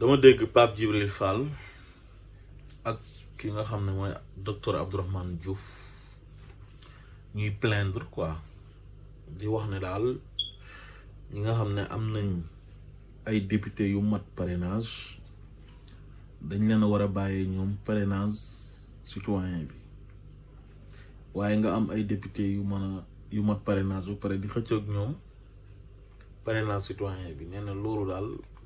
dama dégg Pape Djibril Fall ak ki nga xam ne mooy docteur Abdourahmane Diouf ñuy plaindre quoi di wax ne daal ñi nga xam ne am nañ ay député yu mat parrainage dañ leen war a bàyyee ñoom parrainage citoyen bi waaye nga am ay député yu mën a yu mat parrainage bu pare di xëcc ak ñoom parrainage citoyen bi neen na loolu daal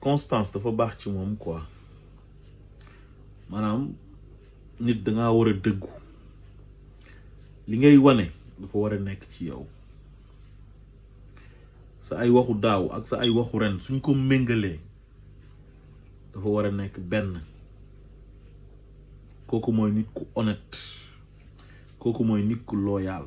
constance dafa baax ci moom quoi maanaam nit dangaa war a dëggu li ngay wane dafa war a nekk ci yow sa ay waxu daaw ak sa ay waxu ren suñ ko méngalee dafa war a nekk benn kooku mooy nit ku honnête kooku mooy nit ku loyal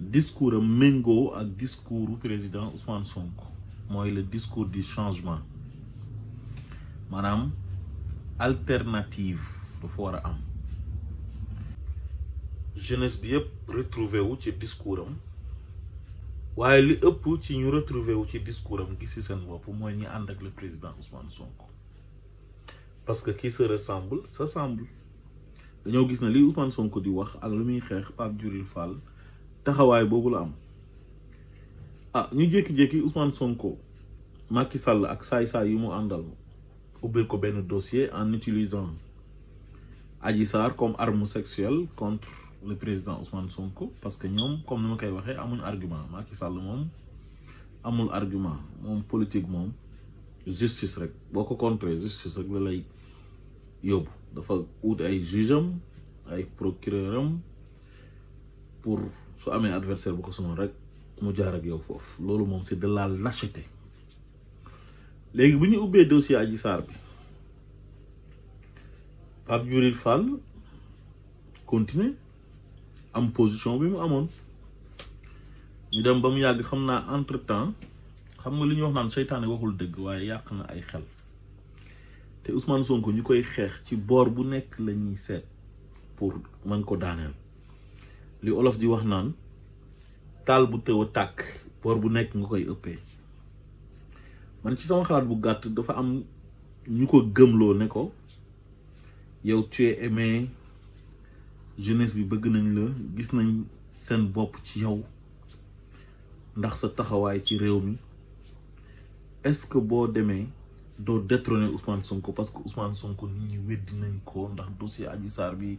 discours mengo et discours discoursu président Ousmane Sonko c'est le discours du changement Madame, alternative dafa war am jeunesse bi retrouvée où tu ci discours Mais ce li est ci ñu retrouvé dans ci discours de gis ci c'est ñi ak le président Ousmane Sonko parce que qui se ressemble s'assemble dañoo gis na li Ousmane Sonko di wax ak lu muy Pape Fall taxaway boobu la am ah ñu jéki jéki Ousmane Sonko Macky Sall ak saay-saay yi mu àndal ubbil ko ben dossier en utilisant Adji Sarr comme arme sexuelle contre le président Ousmane Sonko parce que ñom comme ni kay koy waxee amuñ argument Macky Sall mom amul argument mom politique mom justice rek boko contre justice rek la lay yóbbu dafa wut ay jugeum ay procureur am pour su amé adversaire bu ko sonoon rek mu jaar ak yow foofu loolu mom c'est de la lâcheté légui buñu ubbé dossier aji sar bi pap Djibril Fall continue am position bi mu amone ñu dem bam mu yàgg xam entre temps xam nga li ñuy wax naan shaytané waxul deug waye yàq na ay xel te Ousmane Sonko ñukoy xex ci bor bu nek lañuy sét pour man ko danel li olof di wax naan taal bu tëw a tàkk boor bu nekk nga koy ëppee man ci sama xalaat bu gàtt dafa am ñu ko gëmloo ne ko yow tu es jeunesse bi bëgg nañ la gis nañ seen bopp ci yow ndax sa taxawaay ci réew mi est-ce que boo demee doo détrôner Ousmane Sonko parce que Ousmane Sonko nit ñi weddi nañ ko ndax dossier Adji Sarr bi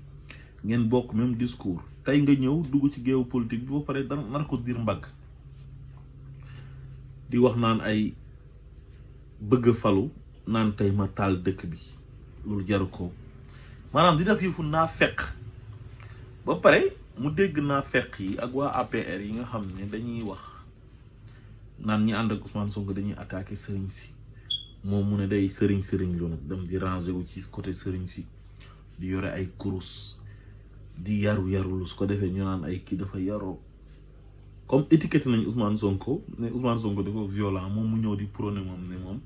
ngeen bok même discours tay nga ñew dugg ci géew politique bi ba pare dara nar ko dir mbag di wax naan ay bëgg falu naan tay ma taal dëkk bi loolu jaru ko manam di def yëfu na fekk ba paré mu dégg na fekk yi ak wa APR yi nga xamné dañuy wax naan ñi and ak Ousmane Sonko dañuy attaquer sëriñ si mo mu ne day sëriñ sëriñ lu nak dem di ranger wu ci côté sëriñ si di yore ay kurus di yaru yaru su ko defee ñu naan ay kii dafa yaroo comme étiquette nañ Ousmane Sonko ne Ousmane Sonko dafa violent moom mu ñëw di prôné moom ne moom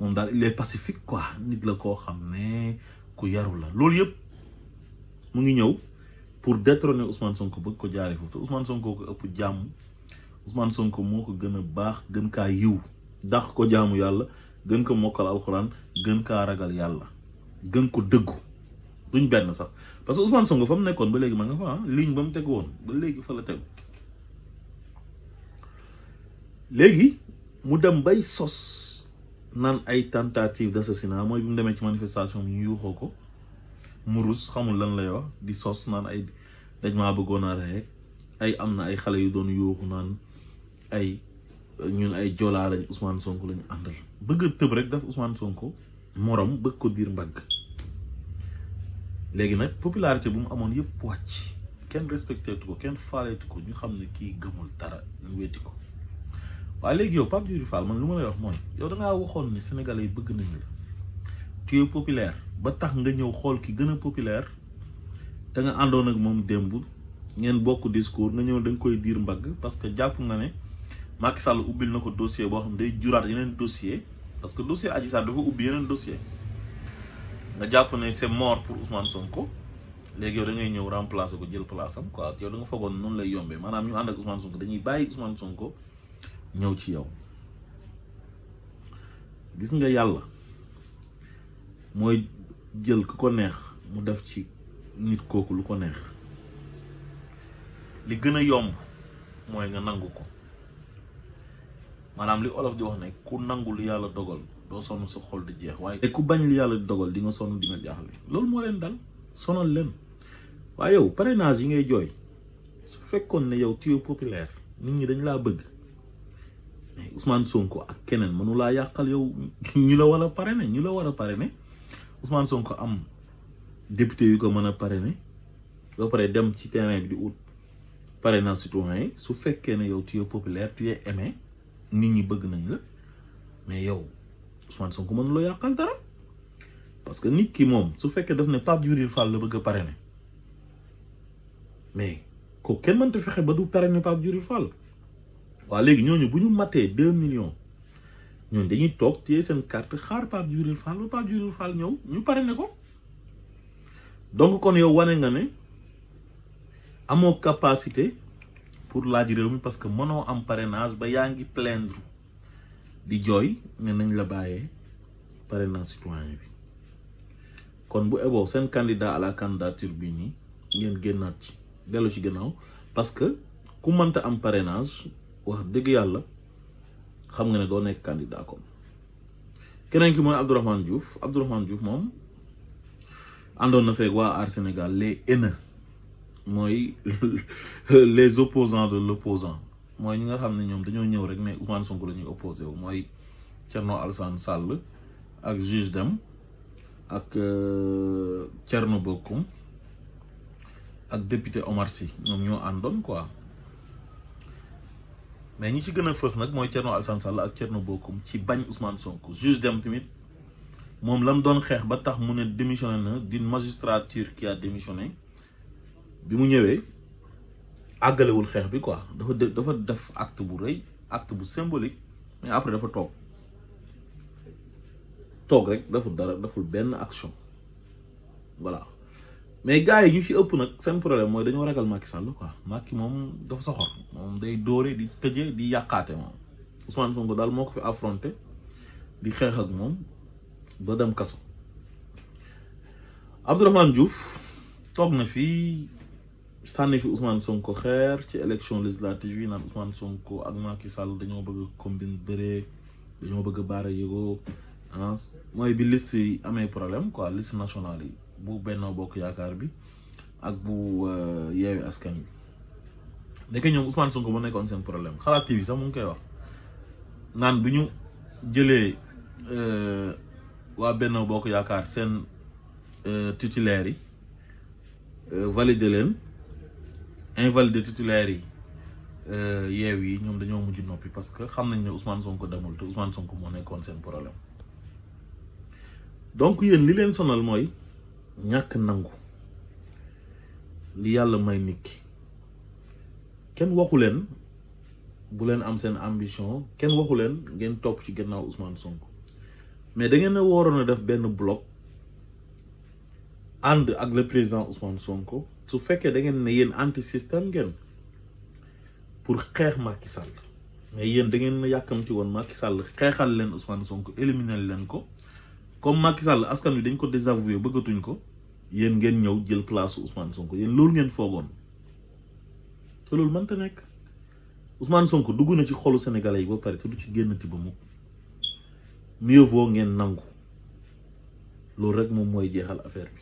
moom daal il est pacifique quoi nit la ne ku yaru la loolu yëpp mu ngi ñëw pour détrôner Ousmane Sonko bëgg ko jaaree foofu te Ousmane Sonko ko ëpp jàmm Ousmane Sonko moo ko baax gën kaa yiw ko jaamu yàlla gën ko mokkal alxuraan gën ka ragal yàlla gën ko dëggu duñ benn sax parce que Ousmane Sonko fa mu nekkoon ba léegi ma nga fa ligne ba mu teg woon ba léegi fa la teg léegi mu dem bay sos naan ay tentative d'assassinat mooy bi mu demee ci manifestation bi yuuxoo ko murus rus xamul lan lay wax di sos naan ay dañ maa bëggoon a rey ay am na ay xale yu doon yuuxu naan ay ñun ay jolaa lañ Ousmane Sonko lañu àndal bëgg a tëb rek daf usman Sonko moroom bëgg ko diir mbagg léegi nag popularité bu mu amoon yëpp wàcc kenn respecteetu ko kenn faaleetu ko ñu xam ne kii gëmul dara ñu wetti ko waaye léegi yow Pape Djibril Fall man lu ma lay wax mooy yow da waxoon ne sénégalais yi bëgg nañu la tu es populaire ba tax nga ñëw xool ki gën a populaire te nga àndoon ak moom démb ngeen bokk discours nga ñëw da koy diir mbagg parce que jàpp nga ne Macky Sall ubbil na ko dossier boo xam day juraat yeneen dossier parce que dossier Adji Sarr yeneen dossier nga jàpp ne c'est mort pour Ousmane Sonko léegi yow da ngay ñëw remplacer ko jël place am quoi yow da nga foogoon noonu lay yombee maanaam ñu ànd ak Ousmane Sonko dañuy bàyyi Ousmane Sonko ñëw ci yow gis nga yàlla mooy jël ku ko neex mu def ci nit kooku lu ko neex li gën a yomb mooy nga nangu ko maanaam li olof di wax ne ku nangu lu dogal do sonu sa xol di jeex waye ku bañ li yalla di dogal di nga sonu di nga jaaxle lol mo len dal sonal len waye yow parrainage yi ngay joy su fekkone ne yow tiou populaire nit ñi dañ laa bëgg mais Ousmane Sonko ak kenen mënu la yaqal yow ñu la war parrainer ñu la wara parrainer Ousmane Sonko am député yu ko mëna parrainer do pare dem ci terrain bi di out parrainage citoyen su fekkene yow tiou populaire tu es aimé nit ñi bëgg nañ la mais yow Ousmane Sonko mën lo yàqal dara parce que nit ki moom su fekkee daf ne Pape Djibril Fall le bëgg a parrainer mais ko mën mënta fexé ba du parrainer Pape Djibril Fall wa légui ñooñu buñu maté 2 millions ñooñu dañuy tok téye sen carte xaar Pape Djibril Fall ba Pape Djibril Fall ñëw ñu parrainer ko donc kon yow wané nga né amo capacité pour la réew parce que mono am parrainage ba yaangi ngi plaindre di jooy ne nañ la bàyyee parrainage citoyen bi kon bu eboo seen candidat à la candidature bii nii ngeen génnaat ci dello ci gannaaw parce que ku mënta am parrainage wax dëgg yàlla xam nga ne doo nekk candidat kon keneen ki mooy Abdourahmane Diouf Abdourahmane Diouf moom àndoon na feeg waa Aar Sénégal les haineux mooy les opposants de l'opposant moy ñinga nga ñom ne dañoo ñëw rek mais Ousmane Sonko la ñuy opposé wu mooy Thierno Alassane Sall ak juge dem ak Cherno euh, Bocoum ak député Omar Sy ñoom ñoo àndoon quoi mais ñi ci gëna a nak moy Cherno Alsan Sall ak Cherno Bocoum ci bañ Ousmane Sonko juge dem tamit mom lam doon xex ba tax mu ne démissionné na d'une magistrature qui a démissionné bi mu ñëwé àggalewul xeex bi quoi dafa dafa def acte bu rëy acte bu symbolique mais après dafa toog toog rek deful dara deful benn action voilà mais gars yi ñu ci ëpp nag seen problème mooy dañoo ragal Macky Sall quoi Macky moom dafa soxor moom day dóore di tëje di yàqaate moom Ousmane Sonko daal moo ko fi affronté di xeex ak moom ba dem kaso Abdourahmane Diouf toog na fii sànni fi Ousmane Sonko xeer ci élection législative yi naan Ousmane Sonko ak Macky Sall dañoo bëgg combine bëree dañoo bëgg baara yëgoo ah mooy bi liste yi amee problème quoi liste nationale yi bu Benno Bokk Yaakaar bi ak bu euh, Yewwi Askan Wi nekk ñoom Ousmane Sonko ba nekkoon seen problème xalaat TV sax mu ngi koy wax naan bu ñu jëlee euh, waa Benno Bokk Yaakaar seen euh, titulaire yi valider leen. invalidé titulaire yi euh, yeew yi ñoom dañoo mujj noppi parce que xam nañ ne Ousmane Sonko demul te Ousmane Sonko moo nekkoon seen problème donc yéen li leen sonal mooy ñàkk nangu li yàlla may nit ki kenn waxu leen bu leen am seen ambition kenn waxu leen ngeen topp ci gannaaw Ousmane Sonko mais da ngeen a waroon a def benn bloc ànd ak le président Ousmane Sonko. su fekkee da ngeen ne yéen anti système ngeen pour xeex Macky Sall mais yéen da ngeen yàkkamti woon Macky Sall xeexal leen Ousmane sonk éliminer leen ko comme Macky sàll askan wi dañ ko désavoué bëggatuñ ko yéen ngeen ñëw jël place Ousmane Sonko yéen loolu ngeen foogoon te loolu mënta nekk Ousmane sonk dugg na ci xolu sénégalais yi ba pare te du ci génn ba mukk mieux vaut ngeen nangu loolu rek moom mooy jeexal affaire bi.